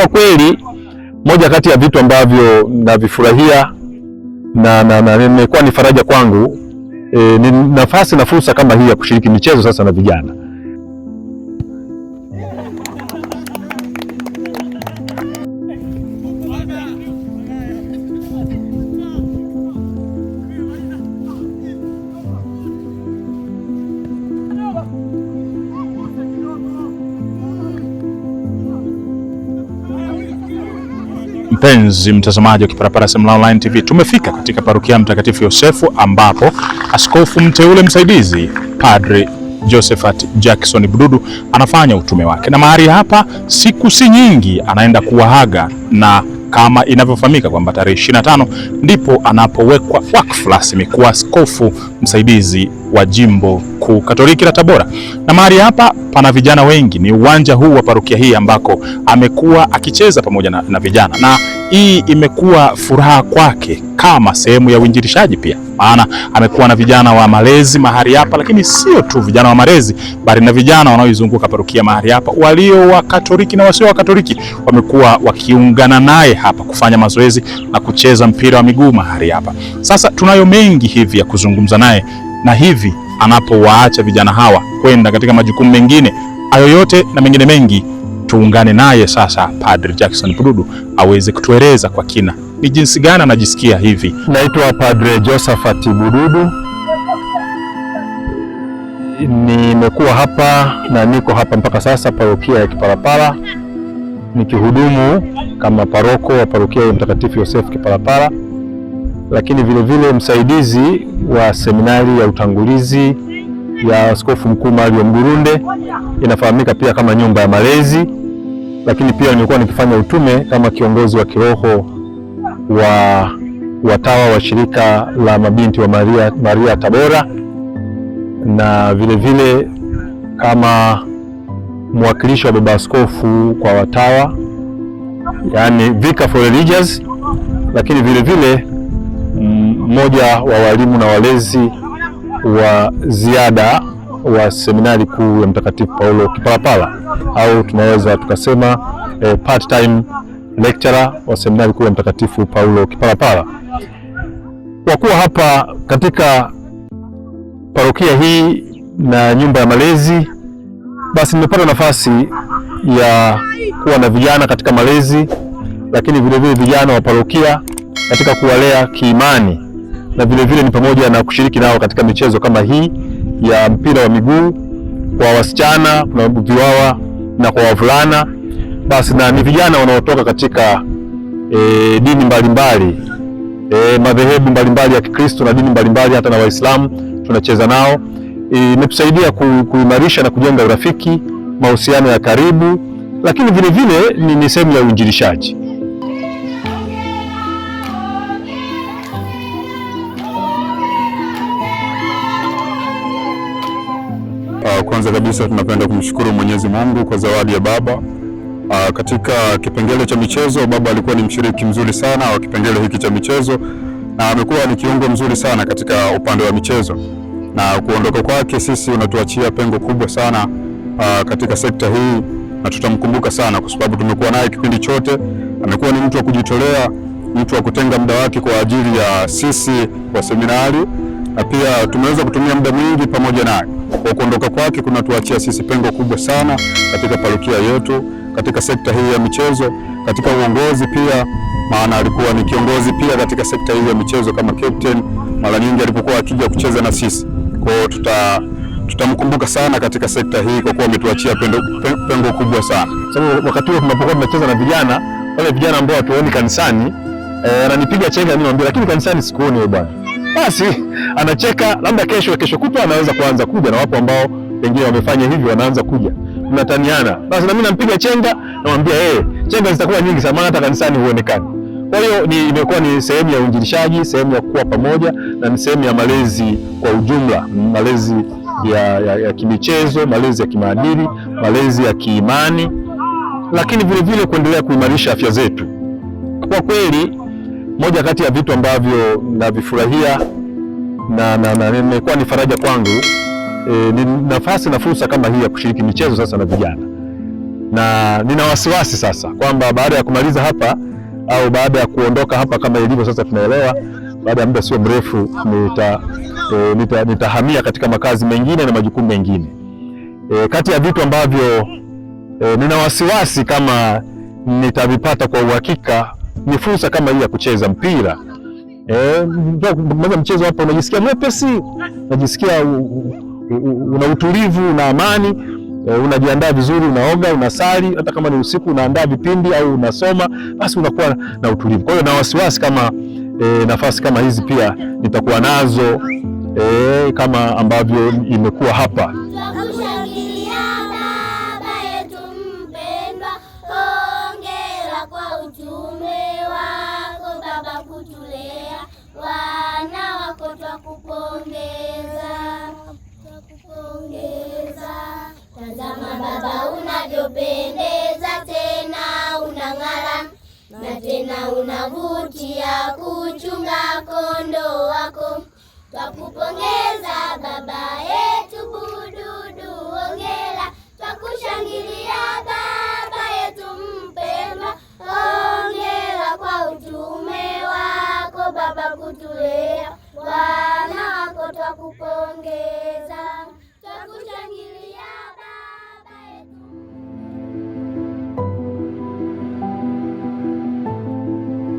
kwa kweli moja kati ya vitu ambavyo navifurahia na nimekuwa na, na, ni faraja kwangu e, ni nafasi na fursa kama hii ya kushiriki michezo sasa na vijana Mpenzi mtazamaji wa Kiparapara Semla Online TV, tumefika katika parokia Mtakatifu Yosefu ambapo askofu mteule msaidizi Padre Josephat Jackson Bududu anafanya utume wake, na mahali hapa siku si nyingi anaenda kuwaaga na kama inavyofahamika kwamba tarehe 25 ndipo anapowekwa wakfu rasmi kuwa askofu msaidizi wa jimbo kuu Katoliki la Tabora. Na mahali hapa pana vijana wengi, ni uwanja huu wa parokia hii ambako amekuwa akicheza pamoja na, na vijana na hii imekuwa furaha kwake kama sehemu ya uinjilishaji pia, maana amekuwa na vijana wa malezi mahali hapa, lakini sio tu vijana wa malezi, bali na vijana wanaoizunguka parokia mahali hapa, walio wa Katoliki na wasio wa Katoliki wamekuwa wakiungana naye hapa kufanya mazoezi na kucheza mpira wa miguu mahali hapa. Sasa tunayo mengi hivi ya kuzungumza naye, na hivi anapowaacha vijana hawa kwenda katika majukumu mengine ayoyote na mengine mengi tuungane naye sasa, Padre Jackson Pududu aweze kutueleza kwa kina ni jinsi gani anajisikia hivi. Naitwa Padre Josephat Bududu, nimekuwa hapa na niko hapa mpaka sasa parokia ya Kipalapala nikihudumu kama paroko wa parokia ya Mtakatifu Yosefu Kipalapala, lakini vilevile vile msaidizi wa seminari ya utangulizi ya Askofu Mkuu Mario Mgurunde, inafahamika pia kama nyumba ya malezi lakini pia nilikuwa nikifanya utume kama kiongozi wa kiroho wa watawa wa shirika la mabinti wa Maria, Maria Tabora na vilevile vile kama mwakilishi wa baba askofu kwa watawa, yani vicar for religious, lakini vilevile mmoja wa walimu na walezi wa ziada wa seminari kuu ya Mtakatifu Paulo Kipalapala, au tunaweza tukasema eh, part time lecturer wa seminari kuu ya Mtakatifu Paulo Kipalapala. Kwa kuwa hapa katika parokia hii na nyumba ya malezi, basi nimepata nafasi ya kuwa na vijana katika malezi, lakini vilevile vijana wa parokia katika kuwalea kiimani na vilevile ni pamoja na kushiriki nao katika michezo kama hii ya mpira wa miguu kwa wasichana na viwawa na kwa wavulana basi, na ni vijana wanaotoka katika e, dini mbalimbali e, madhehebu mbalimbali ya Kikristo na dini mbalimbali hata na Waislamu tunacheza nao. Imetusaidia e, kuimarisha na kujenga urafiki, mahusiano ya karibu, lakini vilevile ni sehemu ya uinjilishaji. Kwanza kabisa tunapenda kumshukuru Mwenyezi Mungu kwa zawadi ya baba. Aa, ah, katika kipengele cha michezo baba alikuwa ni mshiriki mzuri sana wa kipengele hiki cha michezo na amekuwa ni kiungo mzuri sana katika upande wa michezo, na kuondoka kwake sisi unatuachia pengo kubwa sana aa, ah, katika sekta hii, na tutamkumbuka sana kwa sababu tumekuwa naye kipindi chote. Amekuwa ni mtu wa kujitolea, mtu wa kutenga muda wake kwa ajili ya sisi wa seminari, na pia tumeweza kutumia muda mwingi pamoja naye. Kwa kuondoka kwake kunatuachia sisi pengo kubwa sana katika parukia yetu, katika sekta hii ya michezo, katika uongozi pia, maana alikuwa ni kiongozi pia katika sekta hii ya michezo kama captain. Mara nyingi alipokuwa akija kucheza na sisi, kwa hiyo tuta tutamkumbuka sana katika sekta hii kwa kuwa ametuachia pengo kubwa sana. Sababu wakati huo tunapokuwa tunacheza na vijana wale vijana ambao hatuoni kanisani, eh, ananipiga eh, chenga mimi, lakini kanisani sikuoni wewe bwana basi anacheka, labda kesho kesho kutwa anaweza kuanza kuja, na wapo ambao pengine wamefanya hivyo, wanaanza kuja, mnataniana. Basi na mimi nampiga chenga, namwambia hey, chenga zitakuwa nyingi sana, hata kanisani huonekana. Kwa hiyo ni imekuwa ni sehemu ya uinjilishaji, sehemu ya kuwa pamoja, na ni sehemu ya malezi kwa ujumla, malezi ya, ya, ya kimichezo, malezi ya kimaadili, malezi ya kiimani, lakini vile vile kuendelea kuimarisha afya zetu kwa kweli moja kati ya vitu ambavyo navifurahia na na nimekuwa ni faraja kwangu e, ni nafasi na fursa kama hii ya kushiriki michezo sasa na vijana, na nina wasiwasi sasa kwamba baada ya kumaliza hapa au baada ya kuondoka hapa kama ilivyo sasa, tunaelewa baada ya muda sio mrefu nita, e, nita, nitahamia katika makazi mengine na majukumu mengine. E, kati ya vitu ambavyo e, nina wasiwasi kama nitavipata kwa uhakika ni fursa kama hii ya kucheza mpira eh, mchezo hapa unajisikia mwepesi, unajisikia una utulivu, una amani eh, unajiandaa vizuri, unaoga, unasali, hata kama ni usiku unaandaa vipindi au unasoma, basi unakuwa na utulivu. Kwa hiyo na wasiwasi kama e, nafasi kama hizi pia nitakuwa nazo e, kama ambavyo imekuwa hapa. unapendeza tena unang'ara na tena unavutia kuchunga kondoo wako. Twakupongeza baba yetu, bududu ongela, twakushangilia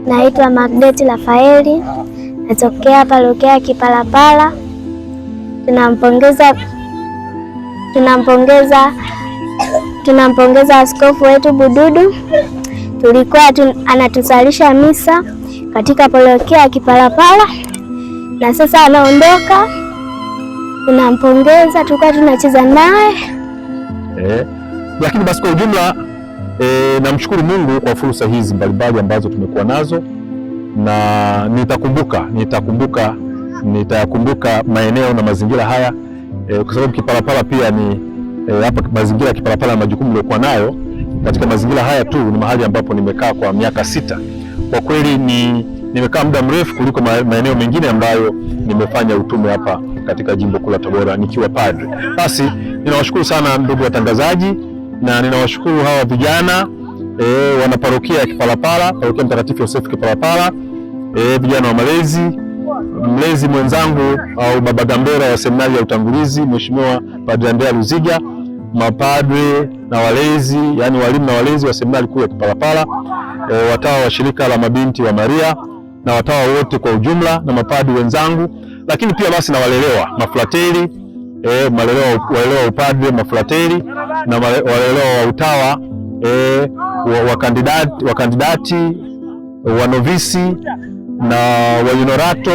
Naitwa Magnet Rafaeli, natokea parokia Kipalapala. Tunampongeza, tunampongeza, tunampongeza askofu wetu Bududu. Tulikuwa tun, anatusalisha misa katika parokia ya Kipalapala na sasa anaondoka, tunampongeza. Tulikuwa tunacheza naye eh, lakini basi kwa ujumla E, namshukuru Mungu kwa fursa hizi mbalimbali ambazo tumekuwa nazo na nitakumbuka nitakumbuka nitayakumbuka maeneo na mazingira haya e, kwa sababu Kipalapala pia ni e, hapa mazingira ya Kipalapala na majukumu niliyokuwa nayo katika mazingira haya tu ni mahali ambapo nimekaa kwa miaka sita. Kwa kweli ni nimekaa muda mrefu kuliko maeneo mengine ambayo nimefanya utume hapa katika jimbo kuu la Tabora nikiwa padre. Basi ninawashukuru sana ndugu watangazaji na ninawashukuru hawa vijana e, wana parokia ya Kipalapala, parokia Mtakatifu Yosefu Kipalapala, e, vijana wa malezi, mlezi mwenzangu au baba Gambera wa seminari ya utangulizi, Mheshimiwa Padre Andrea Luziga, mapadre na walezi, yani walimu na walezi wa seminari kuu ya Kipalapala, e, watawa wa shirika la mabinti wa Maria na watawa wote kwa ujumla na mapadri wenzangu, lakini pia basi na walelewa mafrateli, e, walelewa upadre mafrateli na walelewa wa utawa e, wakandidati wakandidati wanovisi na wajinorato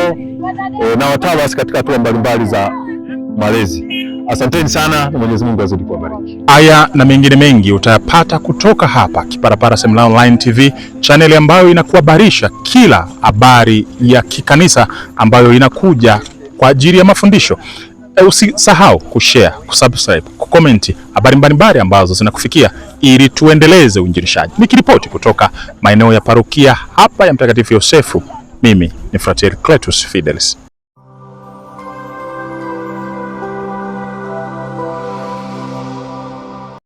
e, na basi katika hatua mbalimbali za malezi. Asanteni sana na Mwenyezi Mungu azidi kuwabariki. Haya na mengine mengi utayapata kutoka hapa Kiparapara Semla Online TV, chaneli ambayo inakuhabarisha kila habari ya kikanisa ambayo inakuja kwa ajili ya mafundisho. Eh, usisahau kushare, kusubscribe, kukomenti habari mbalimbali ambazo zinakufikia ili tuendeleze uinjilishaji. Nikiripoti kutoka maeneo ya parokia hapa ya Mtakatifu Yosefu, mimi ni Frater Cletus Fidelis.